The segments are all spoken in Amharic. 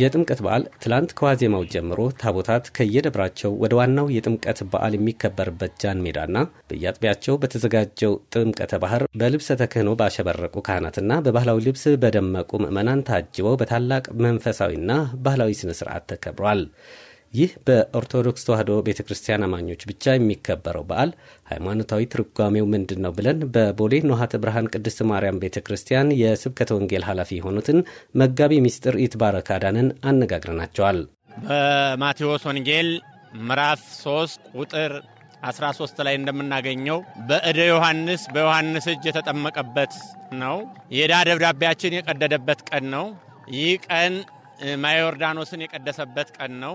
የጥምቀት በዓል ትላንት ከዋዜማው ጀምሮ ታቦታት ከየደብራቸው ወደ ዋናው የጥምቀት በዓል የሚከበርበት ጃን ሜዳና በየአጥቢያቸው በተዘጋጀው ጥምቀተ ባህር በልብሰ ተክህኖ ባሸበረቁ ካህናትና በባህላዊ ልብስ በደመቁ ምዕመናን ታጅበው በታላቅ መንፈሳዊና ባህላዊ ስነ ስርዓት ተከብሯል። ይህ በኦርቶዶክስ ተዋህዶ ቤተ ክርስቲያን አማኞች ብቻ የሚከበረው በዓል ሃይማኖታዊ ትርጓሜው ምንድን ነው ብለን በቦሌ ኖሃተ ብርሃን ቅድስት ማርያም ቤተ ክርስቲያን የስብከተ ወንጌል ኃላፊ የሆኑትን መጋቢ ሚስጥር ይትባረክ አዳንን አነጋግረናቸዋል። በማቴዎስ ወንጌል ምዕራፍ 3 ቁጥር 13 ላይ እንደምናገኘው በእደ ዮሐንስ በዮሐንስ እጅ የተጠመቀበት ነው። የዕዳ ደብዳቤያችን የቀደደበት ቀን ነው። ይህ ቀን ማየ ዮርዳኖስን የቀደሰበት ቀን ነው።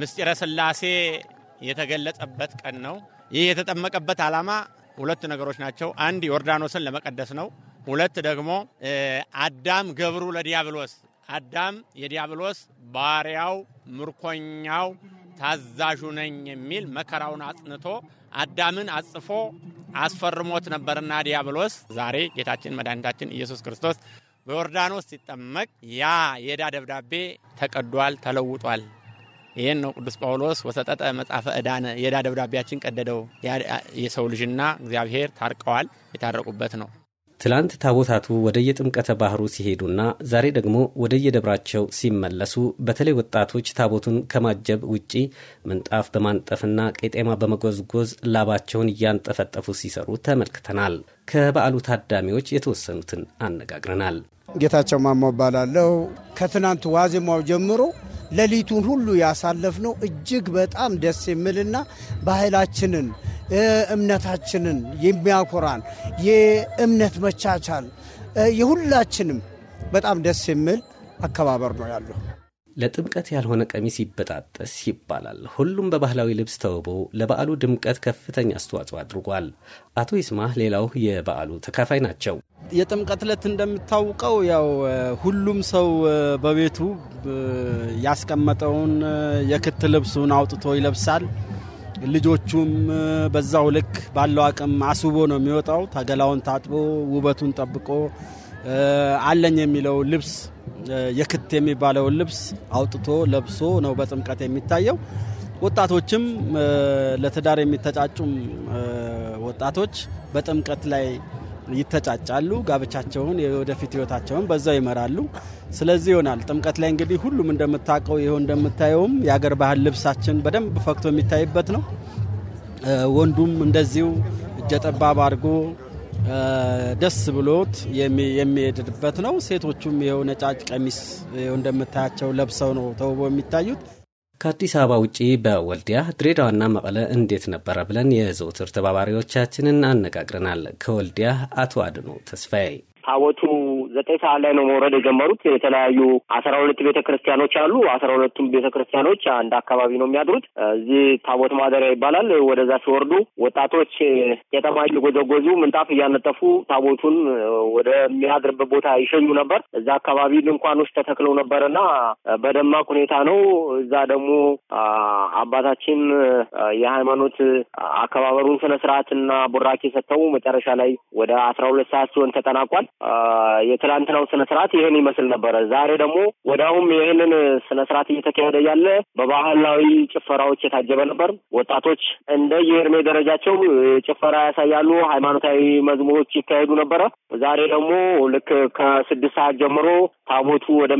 ምስጢረ ስላሴ የተገለጸበት ቀን ነው። ይህ የተጠመቀበት ዓላማ ሁለት ነገሮች ናቸው። አንድ ዮርዳኖስን ለመቀደስ ነው። ሁለት ደግሞ አዳም ገብሩ ለዲያብሎስ አዳም የዲያብሎስ ባሪያው፣ ምርኮኛው፣ ታዛዡ ነኝ የሚል መከራውን አጽንቶ አዳምን አጽፎ አስፈርሞት ነበርና ዲያብሎስ። ዛሬ ጌታችን መድኃኒታችን ኢየሱስ ክርስቶስ በዮርዳኖስ ሲጠመቅ ያ የዕዳ ደብዳቤ ተቀዷል፣ ተለውጧል። ይህን ነው ቅዱስ ጳውሎስ ወሰጠጠ መጽሐፈ ዕዳነ የዕዳ ደብዳቤያችን ቀደደው። የሰው ልጅና እግዚአብሔር ታርቀዋል የታረቁበት ነው። ትላንት ታቦታቱ ወደየጥምቀተ ባህሩ ሲሄዱና ዛሬ ደግሞ ወደየደብራቸው ሲመለሱ በተለይ ወጣቶች ታቦቱን ከማጀብ ውጪ ምንጣፍ በማንጠፍና ቄጤማ በመጎዝጎዝ ላባቸውን እያንጠፈጠፉ ሲሰሩ ተመልክተናል። ከበዓሉ ታዳሚዎች የተወሰኑትን አነጋግረናል። ጌታቸው ማሞ እባላለሁ። ከትናንት ዋዜማው ጀምሮ ሌሊቱን ሁሉ ያሳለፍነው እጅግ በጣም ደስ የሚልና ባህላችንን እምነታችንን የሚያኮራን የእምነት መቻቻል የሁላችንም በጣም ደስ የሚል አከባበር ነው ያለው። ለጥምቀት ያልሆነ ቀሚስ ይበጣጠስ ይባላል። ሁሉም በባህላዊ ልብስ ተውቦ ለበዓሉ ድምቀት ከፍተኛ አስተዋጽኦ አድርጓል። አቶ ይስማ ሌላው የበዓሉ ተካፋይ ናቸው። የጥምቀት ዕለት እንደምታውቀው ያው ሁሉም ሰው በቤቱ ያስቀመጠውን የክት ልብሱን አውጥቶ ይለብሳል። ልጆቹም በዛው ልክ ባለው አቅም አስውቦ ነው የሚወጣው። ተገላውን ታጥቦ ውበቱን ጠብቆ አለኝ የሚለው ልብስ የክት የሚባለውን ልብስ አውጥቶ ለብሶ ነው በጥምቀት የሚታየው። ወጣቶችም ለትዳር የሚተጫጩም ወጣቶች በጥምቀት ላይ ይተጫጫሉ። ጋብቻቸውን፣ የወደፊት ህይወታቸውን በዛው ይመራሉ። ስለዚህ ይሆናል ጥምቀት ላይ እንግዲህ ሁሉም እንደምታውቀው ይኸው እንደምታየውም የአገር ባህል ልብሳችን በደንብ ፈክቶ የሚታይበት ነው። ወንዱም እንደዚሁ እጀጠባብ አድርጎ ደስ ብሎት የሚሄድበት ነው። ሴቶቹም ይኸው ነጫጭ ቀሚስ እንደምታያቸው ለብሰው ነው ተውቦ የሚታዩት። ከአዲስ አበባ ውጪ በወልዲያ ድሬዳዋና መቀለ እንዴት ነበረ ብለን የዘውትር ተባባሪዎቻችንን አነጋግረናል። ከወልዲያ አቶ አድኖ ተስፋዬ ሐወቱ ዘጠኝ ሰዓት ላይ ነው መውረድ የጀመሩት። የተለያዩ አስራ ሁለት ቤተ ክርስቲያኖች አሉ። አስራ ሁለቱም ቤተ ክርስቲያኖች አንድ አካባቢ ነው የሚያድሩት። እዚህ ታቦት ማደሪያ ይባላል። ወደዛ ሲወርዱ ወጣቶች ቄጠማ እየጎዘጎዙ ምንጣፍ እያነጠፉ ታቦቱን ወደሚያድርበት ቦታ ይሸኙ ነበር። እዛ አካባቢ ውስጥ ተተክለው ነበር እና በደማቅ ሁኔታ ነው። እዛ ደግሞ አባታችን የሃይማኖት አከባበሩን ስነ ስርዓትና ቡራኬ ሰጥተው መጨረሻ ላይ ወደ አስራ ሁለት ሰዓት ሲሆን ተጠናቋል። የትላንትናው ስነ ስርዓት ይህን ይመስል ነበረ። ዛሬ ደግሞ ወዲያውም ይህንን ስነ ስርዓት እየተካሄደ ያለ በባህላዊ ጭፈራዎች የታጀበ ነበር። ወጣቶች እንደ የእድሜ ደረጃቸው ጭፈራ ያሳያሉ። ሃይማኖታዊ መዝሙሮች ይካሄዱ ነበረ። ዛሬ ደግሞ ልክ ከስድስት ሰዓት ጀምሮ ታቦቱ ወደ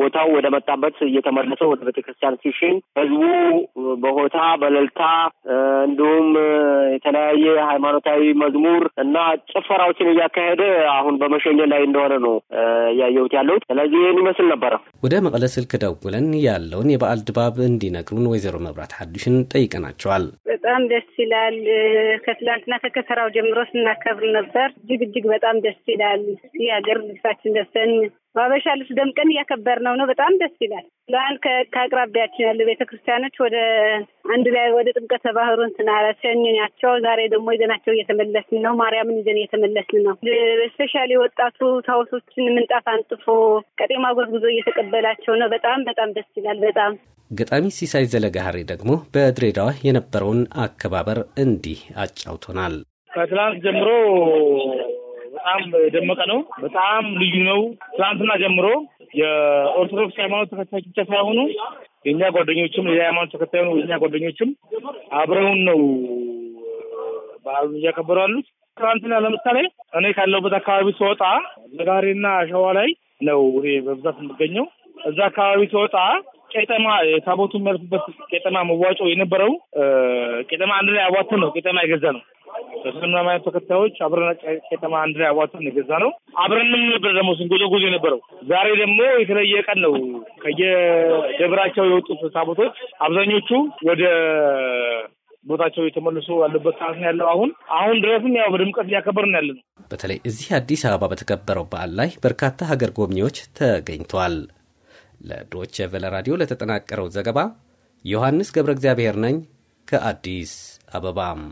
ቦታው ወደ መጣበት እየተመለሰ ወደ ቤተክርስቲያን ሲሽን ህዝቡ በሆታ በለልታ እንዲሁም የተለያየ ሃይማኖታዊ መዝሙር እና ጭፈራዎችን እያካሄደ አሁን በመሸኘ ላይ እንደሆነ ነው እያየሁት ያለሁት። ስለዚህ ይህን ይመስል ነበረ። ወደ መቀለ ስልክ ደውለን ያለውን የበዓል ድባብ እንዲነግሩን ወይዘሮ መብራት ሀዱሽን ጠይቀናቸዋል። በጣም ደስ ይላል። ከትላንትና ከከተራው ጀምሮ ስናከብር ነበር። እጅግ እጅግ በጣም ደስ ይላል። የሀገር ልብሳችን ለብሰን ባበሻ ልብስ ደምቀን እያከበር ነው ነው። በጣም ደስ ይላል። ለአንድ ከአቅራቢያችን ያሉ ቤተ ክርስቲያኖች ወደ አንድ ላይ ወደ ጥምቀተ ባህሩ እንትን አላሸኘናቸው። ዛሬ ደግሞ ይዘናቸው እየተመለስን ነው። ማርያምን ይዘን እየተመለስን ነው። ስፔሻሊ ወጣቱ ታውሶችን ምንጣፍ አንጥፎ ቀጤማ ጎዝጉዞ እየተቀበላቸው ነው። በጣም በጣም ደስ ይላል። በጣም ገጣሚ ሲሳይ ዘለጋሪ ደግሞ በድሬዳዋ የነበረውን አከባበር እንዲህ አጫውቶናል። ከትላንት ጀምሮ በጣም የደመቀ ነው። በጣም ልዩ ነው። ትናንትና ጀምሮ የኦርቶዶክስ ሃይማኖት ተከታዮች ብቻ ሳይሆኑ የእኛ ጓደኞችም ሃይማኖት ተከታዩ የእኛ ጓደኞችም አብረውን ነው በዓሉ እያከበሩ ያሉት። ትናንትና ለምሳሌ እኔ ካለሁበት አካባቢ ስወጣ ነጋሪና አሸዋ ላይ ነው ይሄ በብዛት የምገኘው። እዛ አካባቢ ስወጣ ቄጠማ የታቦቱ የሚያልፍበት ቄጠማ መዋጮ የነበረው ቄጠማ አንድ ላይ አዋተን ነው ቄጠማ የገዛ ነው በእስልምና ሃይማኖት ተከታዮች አብረና ከተማ አንድ ላይ አዋጥተን የገዛ ነው። አብረንም ነበር ደግሞ ስንጎዘጎዝ የነበረው። ዛሬ ደግሞ የተለየ ቀን ነው። ከየደብራቸው የወጡት ታቦቶች አብዛኞቹ ወደ ቦታቸው የተመልሶ ያለበት ሰዓት ነው ያለው። አሁን አሁን ድረስም ያው በድምቀት እያከበርን ያለ ነው። በተለይ እዚህ አዲስ አበባ በተከበረው በዓል ላይ በርካታ ሀገር ጎብኚዎች ተገኝተዋል። ለዶች ቨለ ራዲዮ ለተጠናቀረው ዘገባ ዮሐንስ ገብረ እግዚአብሔር ነኝ ከአዲስ አበባም